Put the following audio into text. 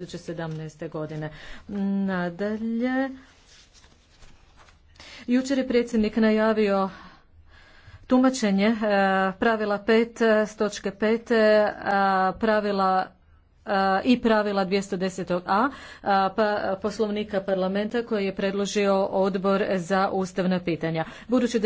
2017. godine. Nadalje, jučer je predsjednik najavio tumačenje e, pravila 5 s točke e, pravila e, i pravila 210a pa, poslovnika parlamenta koji je predložio odbor za ustavna pitanja. Budući da